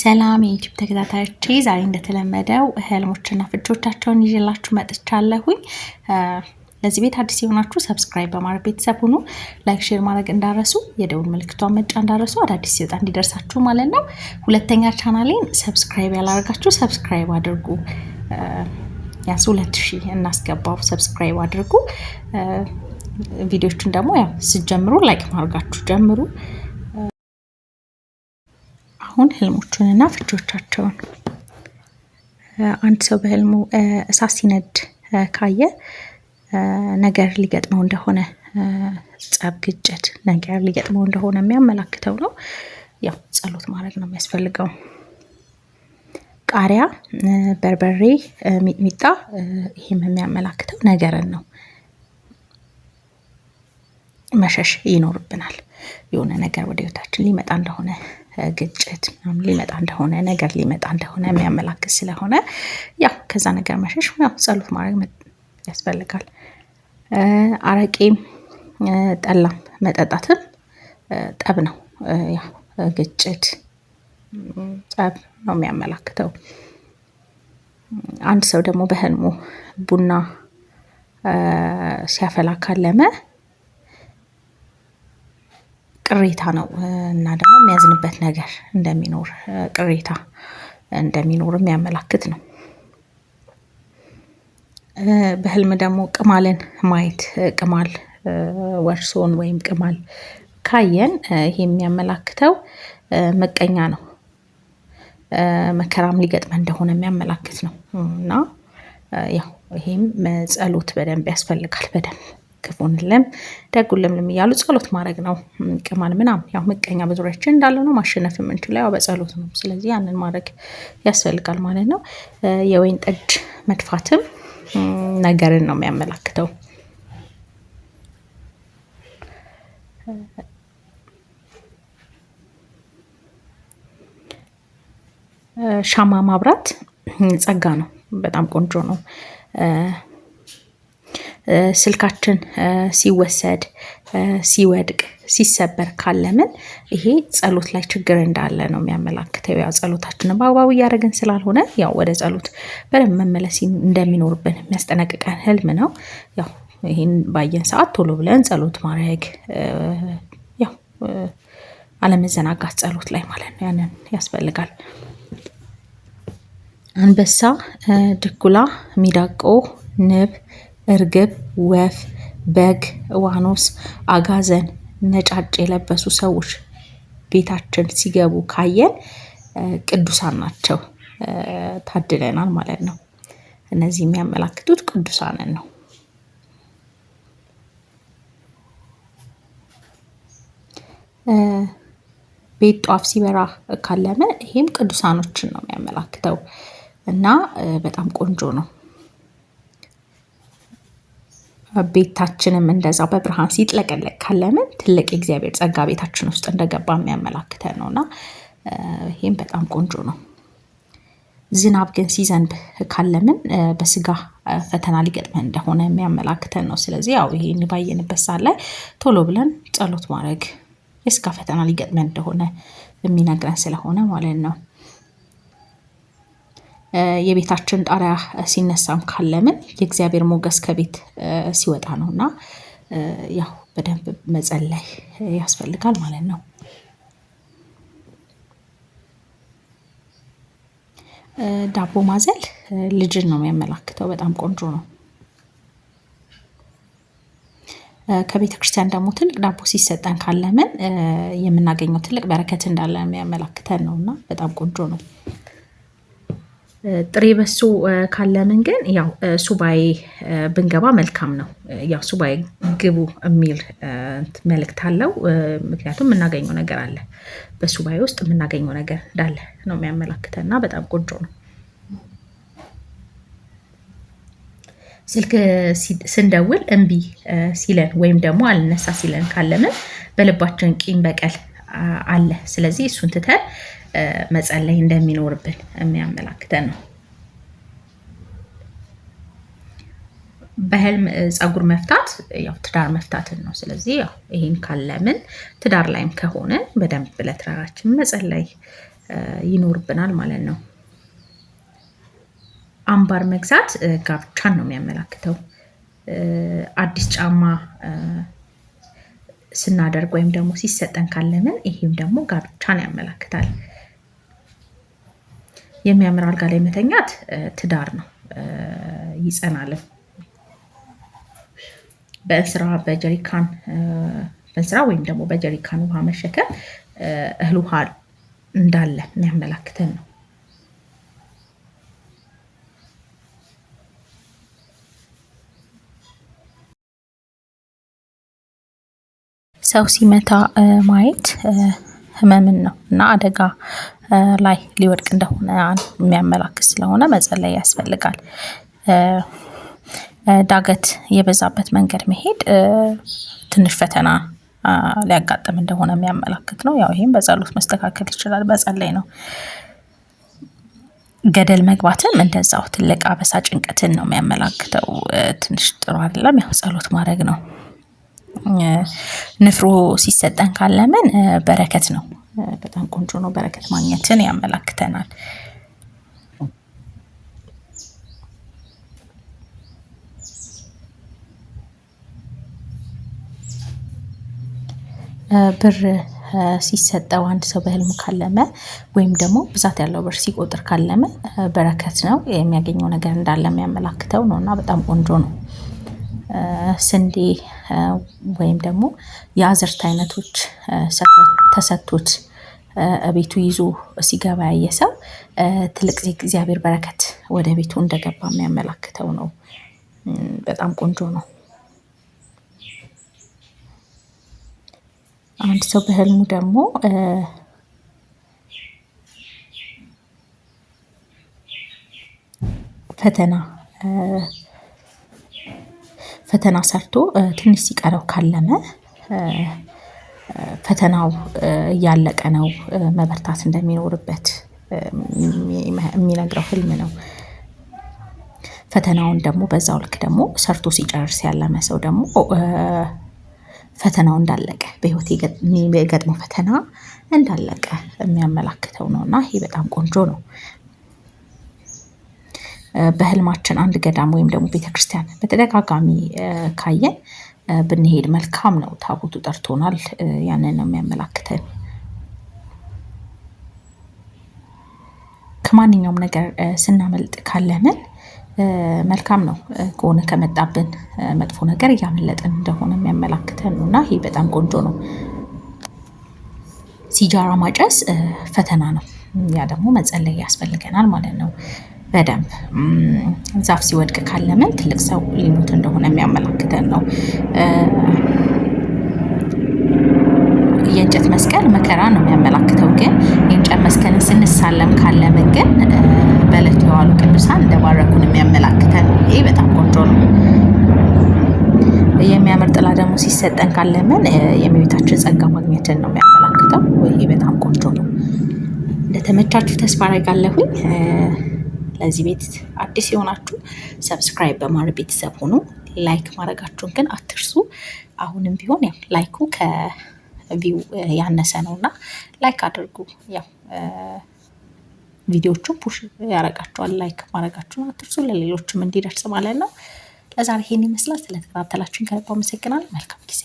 ሰላም የዩቲዩብ ተከታታዮች፣ ዛሬ እንደተለመደው ህልሞችና ፍቾቻቸውን ይዤላችሁ መጥቻለሁኝ። ለዚህ ቤት አዲስ የሆናችሁ ሰብስክራይብ በማድረግ ቤተሰብ ሁኑ። ላይክ፣ ሼር ማድረግ እንዳረሱ፣ የደውል ምልክቷን መጫ እንዳረሱ፣ አዳዲስ ሲወጣ እንዲደርሳችሁ ማለት ነው። ሁለተኛ ቻናሌን ሰብስክራይብ ያላደርጋችሁ ሰብስክራይብ አድርጉ። ያንስ ሁለት ሺህ እናስገባው። ሰብስክራይብ አድርጉ። ቪዲዮቹን ደግሞ ያው ስጀምሩ ላይክ ማድረጋችሁ ጀምሩ። አሁን ህልሞቹንና ፍቾቻቸውን አንድ ሰው በህልሙ እሳት ሲነድ ካየ ነገር ሊገጥመው እንደሆነ ጸብ፣ ግጭት ነገር ሊገጥመው እንደሆነ የሚያመላክተው ነው። ያው ጸሎት ማድረግ ነው የሚያስፈልገው። ቃሪያ፣ በርበሬ፣ ሚጥሚጣ ይህም የሚያመላክተው ነገርን ነው። መሸሽ ይኖርብናል። የሆነ ነገር ወደ ህይወታችን ሊመጣ እንደሆነ ግጭት ምናምን ሊመጣ እንደሆነ ነገር ሊመጣ እንደሆነ የሚያመላክት ስለሆነ ያው ከዛ ነገር መሸሽ ያው ጸሎት ማድረግ ያስፈልጋል። አረቄም ጠላም መጠጣትም ጠብ ነው፣ ያው ግጭት ጠብ ነው የሚያመላክተው። አንድ ሰው ደግሞ በህልሙ ቡና ሲያፈላ ካለመ ቅሬታ ነው እና ደግሞ የሚያዝንበት ነገር እንደሚኖር ቅሬታ እንደሚኖር የሚያመላክት ነው። በህልም ደግሞ ቅማልን ማየት ቅማል ወርሶን ወይም ቅማል ካየን ይሄ የሚያመላክተው መቀኛ ነው። መከራም ሊገጥመ እንደሆነ የሚያመላክት ነው እና ያው ይሄም ጸሎት በደንብ ያስፈልጋል በደንብ ክፉን እልም ደጉን ለምልም እያሉ ጸሎት ማድረግ ነው። ቅማል ምናምን ያው ምቀኛ በዙሪያችን እንዳለ ነው። ማሸነፍ የምንችለው ያው በጸሎት ነው። ስለዚህ ያንን ማድረግ ያስፈልጋል ማለት ነው። የወይን ጠጅ መድፋትም ነገርን ነው የሚያመላክተው። ሻማ ማብራት ጸጋ ነው። በጣም ቆንጆ ነው። ስልካችን ሲወሰድ፣ ሲወድቅ፣ ሲሰበር ካለምን ይሄ ጸሎት ላይ ችግር እንዳለ ነው የሚያመላክተው። ያው ጸሎታችንን በአግባቡ እያደረግን ስላልሆነ ያው ወደ ጸሎት በደንብ መመለስ እንደሚኖርብን የሚያስጠነቅቀን ህልም ነው። ያው ይህን ባየን ሰዓት ቶሎ ብለን ጸሎት ማድረግ ያው አለመዘናጋት ጸሎት ላይ ማለት ነው። ያንን ያስፈልጋል። አንበሳ፣ ድኩላ፣ ሚዳቆ፣ ንብ እርግብ፣ ወፍ፣ በግ፣ ዋኖስ፣ አጋዘን፣ ነጫጭ የለበሱ ሰዎች ቤታችን ሲገቡ ካየን ቅዱሳን ናቸው፣ ታድለናል ማለት ነው። እነዚህ የሚያመላክቱት ቅዱሳንን ነው። ቤት ጧፍ ሲበራ ካለመ ይሄም ቅዱሳኖችን ነው የሚያመላክተው እና በጣም ቆንጆ ነው። ቤታችንም እንደዛው በብርሃን ሲጥለቀለቅ ካለምን ትልቅ የእግዚአብሔር ጸጋ ቤታችን ውስጥ እንደገባ የሚያመላክተ ነውና ይህም በጣም ቆንጆ ነው። ዝናብ ግን ሲዘንብ ካለምን በስጋ ፈተና ሊገጥመን እንደሆነ የሚያመላክተን ነው። ስለዚህ ያው ይህን ባየንበት ሳለ ላይ ቶሎ ብለን ጸሎት ማድረግ የስጋ ፈተና ሊገጥመን እንደሆነ የሚነግረን ስለሆነ ማለት ነው። የቤታችን ጣሪያ ሲነሳም ካለምን የእግዚአብሔር ሞገስ ከቤት ሲወጣ ነው እና ያው በደንብ መጸለይ ያስፈልጋል ማለት ነው። ዳቦ ማዘል ልጅን ነው የሚያመላክተው። በጣም ቆንጆ ነው። ከቤተ ክርስቲያን ደግሞ ትልቅ ዳቦ ሲሰጠን ካለምን የምናገኘው ትልቅ በረከት እንዳለ የሚያመላክተን ነው እና በጣም ቆንጆ ነው። ጥሬ በሶ ካለንን ግን ያው ሱባኤ ብንገባ መልካም ነው። ያው ሱባኤ ግቡ የሚል መልእክት አለው። ምክንያቱም የምናገኘው ነገር አለ፣ በሱባኤ ውስጥ የምናገኘው ነገር እንዳለ ነው የሚያመላክተን እና በጣም ቆንጆ ነው። ስልክ ስንደውል እምቢ ሲለን ወይም ደግሞ አልነሳ ሲለን ካለምን በልባችን ቂም በቀል አለ። ስለዚህ እሱን ትተን መጸለይ እንደሚኖርብን የሚያመላክተን ነው። በህልም ፀጉር መፍታት ያው ትዳር መፍታትን ነው። ስለዚህ ያው ይህን ካለምን ትዳር ላይም ከሆነ በደንብ ለትዳራችን መጸለይ ይኖርብናል ማለት ነው። አምባር መግዛት ጋብቻን ነው የሚያመላክተው። አዲስ ጫማ ስናደርግ ወይም ደግሞ ሲሰጠን ካለምን ይህም ደግሞ ጋብቻን ያመላክታል። የሚያምር አልጋ ላይ መተኛት ትዳር ነው፣ ይጸናልም። በእንስራ በጀሪካን በእንስራ ወይም ደግሞ በጀሪካን ውሃ መሸከም እህል ውሃ እንዳለ የሚያመላክተን ነው። ሰው ሲመታ ማየት ህመምን ነው እና አደጋ ላይ ሊወድቅ እንደሆነ የሚያመላክት ስለሆነ መጸለይ ያስፈልጋል። ዳገት የበዛበት መንገድ መሄድ ትንሽ ፈተና ሊያጋጥም እንደሆነ የሚያመላክት ነው። ያው ይህም በጸሎት መስተካከል ይችላል፣ በጸለይ ነው። ገደል መግባትም እንደዛው ትልቅ አበሳ ጭንቀትን ነው የሚያመላክተው። ትንሽ ጥሩ አይደለም። ያው ጸሎት ማድረግ ነው። ንፍሮ ሲሰጠን ካለምን በረከት ነው። በጣም ቆንጆ ነው። በረከት ማግኘትን ያመላክተናል። ብር ሲሰጠው አንድ ሰው በህልሙ ካለመ ወይም ደግሞ ብዛት ያለው ብር ሲቆጥር ካለመ በረከት ነው የሚያገኘው ነገር እንዳለ የሚያመላክተው ነው እና በጣም ቆንጆ ነው። ስንዴ ወይም ደግሞ የአዝርት አይነቶች ተሰጥቶት ቤቱ ይዞ ሲገባ ያየ ሰው ትልቅ እግዚአብሔር በረከት ወደ ቤቱ እንደገባ የሚያመላክተው ነው። በጣም ቆንጆ ነው። አንድ ሰው በህልሙ ደግሞ ፈተና ፈተና ሰርቶ ትንሽ ሲቀረው ካለመ ፈተናው እያለቀ ነው፣ መበርታት እንደሚኖርበት የሚነግረው ህልም ነው። ፈተናውን ደግሞ በዛው ልክ ደግሞ ሰርቶ ሲጨርስ ያለመ ሰው ደግሞ ፈተናው እንዳለቀ በህይወት የገጥመው ፈተና እንዳለቀ የሚያመላክተው ነው እና ይሄ በጣም ቆንጆ ነው። በህልማችን አንድ ገዳም ወይም ደግሞ ቤተክርስቲያን በተደጋጋሚ ካየን ብንሄድ መልካም ነው። ታቦቱ ጠርቶናል። ያንን ነው የሚያመላክተን። ከማንኛውም ነገር ስናመልጥ ካለምን መልካም ነው ከሆነ ከመጣብን መጥፎ ነገር እያመለጥን እንደሆነ የሚያመላክተን ነው እና ይሄ በጣም ቆንጆ ነው። ሲጃራ ማጨስ ፈተና ነው። ያ ደግሞ መጸለይ ያስፈልገናል ማለት ነው። በደንብ ዛፍ ሲወድቅ ካለምን ትልቅ ሰው ሊሞት እንደሆነ የሚያመላክተን ነው። የእንጨት መስቀል መከራ ነው የሚያመላክተው። ግን የእንጨት መስቀልን ስንሳለም ካለምን ግን በዕለቱ የዋሉ ቅዱሳን እንደባረኩን የሚያመላክተን ይህ በጣም ቆንጆ ነው። የሚያምር ጥላ ደግሞ ሲሰጠን ካለምን የሚቤታችን ጸጋ ማግኘትን ነው የሚያመላክተው። ይህ በጣም ቆንጆ ነው። እንደተመቻችሁ ተስፋ አደርጋለሁኝ። ለዚህ ቤት አዲስ የሆናችሁ ሰብስክራይብ በማድረግ ቤተሰብ ሆኑ። ላይክ ማድረጋችሁን ግን አትርሱ። አሁንም ቢሆን ያው ላይኩ ከቪው ያነሰ ነው እና ላይክ አድርጉ። ያው ቪዲዮቹን ፑሽ ያረጋቸዋል። ላይክ ማድረጋችሁን አትርሱ፣ ለሌሎችም እንዲደርስ ማለት ነው። ለዛሬ ይሄን ይመስላል። ስለተከታተላችሁን ከልብ አመሰግናለሁ። መልካም ጊዜ